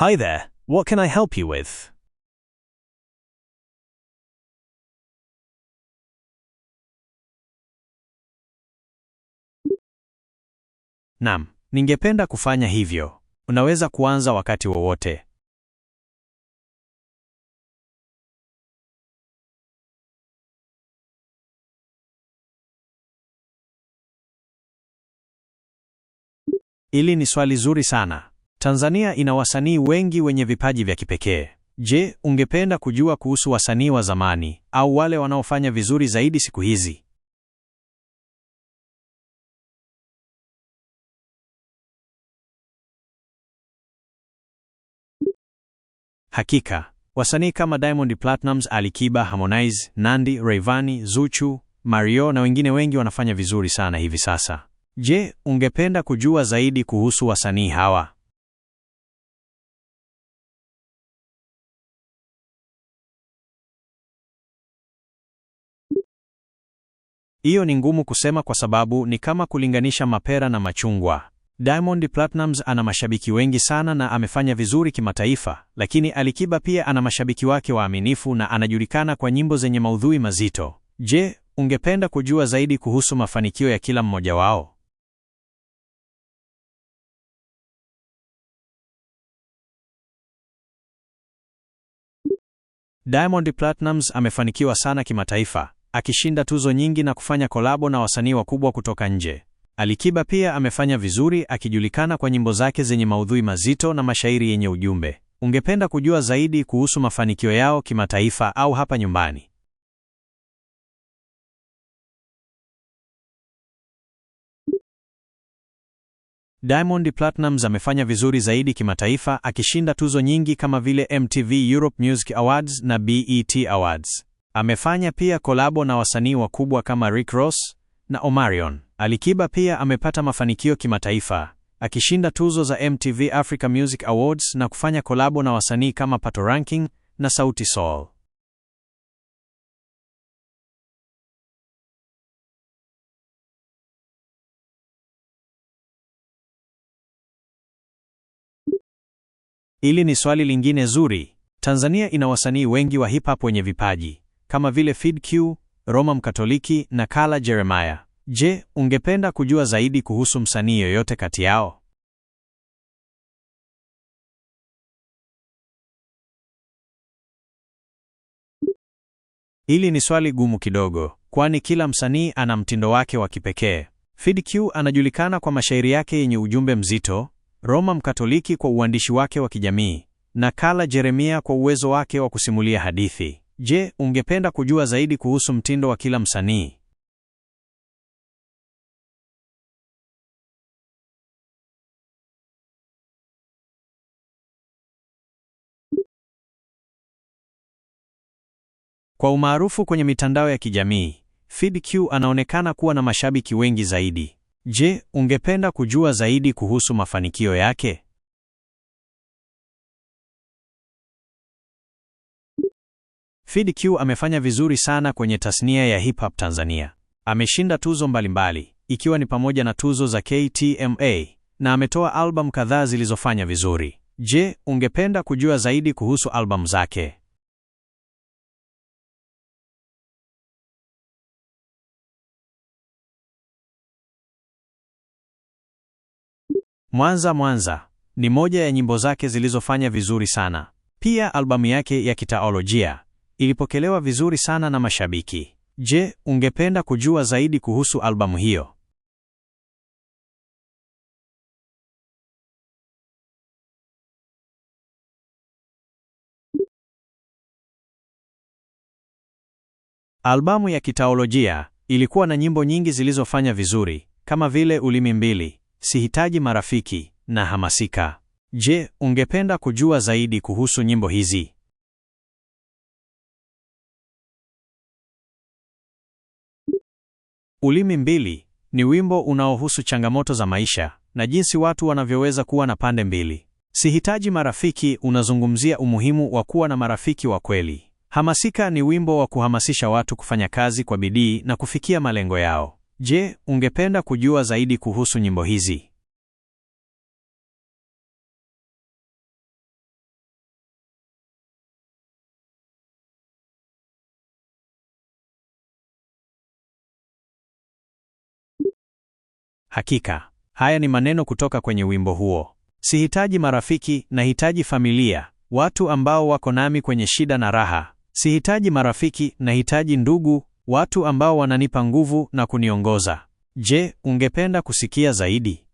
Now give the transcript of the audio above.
Hi there, what can I help you with? Nam, ningependa kufanya hivyo. Unaweza kuanza wakati wowote. Hili ni swali zuri sana. Tanzania ina wasanii wengi wenye vipaji vya kipekee. Je, ungependa kujua kuhusu wasanii wa zamani au wale wanaofanya vizuri zaidi siku hizi? Hakika, wasanii kama Diamond Platnumz, Ali Kiba, Harmonize, Nandi, Rayvanny, Zuchu, Mario na wengine wengi wanafanya vizuri sana hivi sasa. Je, ungependa kujua zaidi kuhusu wasanii hawa? Hiyo ni ngumu kusema kwa sababu ni kama kulinganisha mapera na machungwa. Diamond Platnumz ana mashabiki wengi sana na amefanya vizuri kimataifa, lakini Alikiba pia ana mashabiki wake waaminifu na anajulikana kwa nyimbo zenye maudhui mazito. Je, ungependa kujua zaidi kuhusu mafanikio ya kila mmoja wao? Diamond Platnumz amefanikiwa sana kimataifa akishinda tuzo nyingi na kufanya kolabo na wasanii wakubwa kutoka nje. Alikiba pia amefanya vizuri akijulikana kwa nyimbo zake zenye maudhui mazito na mashairi yenye ujumbe. Ungependa kujua zaidi kuhusu mafanikio yao kimataifa au hapa nyumbani? Diamond Platnumz amefanya vizuri zaidi kimataifa akishinda tuzo nyingi kama vile MTV Europe Music Awards na BET Awards. Amefanya pia kolabo na wasanii wakubwa kama Rick Ross na Omarion. Alikiba pia amepata mafanikio kimataifa akishinda tuzo za MTV Africa Music Awards na kufanya kolabo na wasanii kama Pato Ranking na Sauti Sol. Hili ni swali lingine zuri. Tanzania ina wasanii wengi wa hip hop wenye vipaji kama vile FeedQ, Roma Mkatoliki na Kala Jeremiah. Je, ungependa kujua zaidi kuhusu msanii yoyote kati yao? Hili ni swali gumu kidogo, kwani kila msanii ana mtindo wake wa kipekee. FeedQ anajulikana kwa mashairi yake yenye ujumbe mzito, Roma Mkatoliki kwa uandishi wake wa kijamii, na Kala Jeremiah kwa uwezo wake wa kusimulia hadithi. Je, ungependa kujua zaidi kuhusu mtindo wa kila msanii? Kwa umaarufu kwenye mitandao ya kijamii, q anaonekana kuwa na mashabiki wengi zaidi. Je, ungependa kujua zaidi kuhusu mafanikio yake? fid Q amefanya vizuri sana kwenye tasnia ya hip hop Tanzania. Ameshinda tuzo mbalimbali ikiwa ni pamoja na tuzo za KTMA na ametoa albamu kadhaa zilizofanya vizuri. Je, ungependa kujua zaidi kuhusu albamu zake? Mwanza Mwanza ni moja ya nyimbo zake zilizofanya vizuri sana. Pia albamu yake ya kitaolojia ilipokelewa vizuri sana na mashabiki. Je, ungependa kujua zaidi kuhusu albamu hiyo? Albamu ya Kitaolojia ilikuwa na nyimbo nyingi zilizofanya vizuri kama vile Ulimi Mbili, Sihitaji Marafiki na Hamasika. Je, ungependa kujua zaidi kuhusu nyimbo hizi? Ulimi Mbili ni wimbo unaohusu changamoto za maisha na jinsi watu wanavyoweza kuwa na pande mbili. Sihitaji Marafiki unazungumzia umuhimu wa kuwa na marafiki wa kweli. Hamasika ni wimbo wa kuhamasisha watu kufanya kazi kwa bidii na kufikia malengo yao. Je, ungependa kujua zaidi kuhusu nyimbo hizi? Hakika haya ni maneno kutoka kwenye wimbo huo. Sihitaji marafiki, nahitaji familia, watu ambao wako nami kwenye shida na raha. Sihitaji marafiki, nahitaji ndugu, watu ambao wananipa nguvu na kuniongoza. Je, ungependa kusikia zaidi?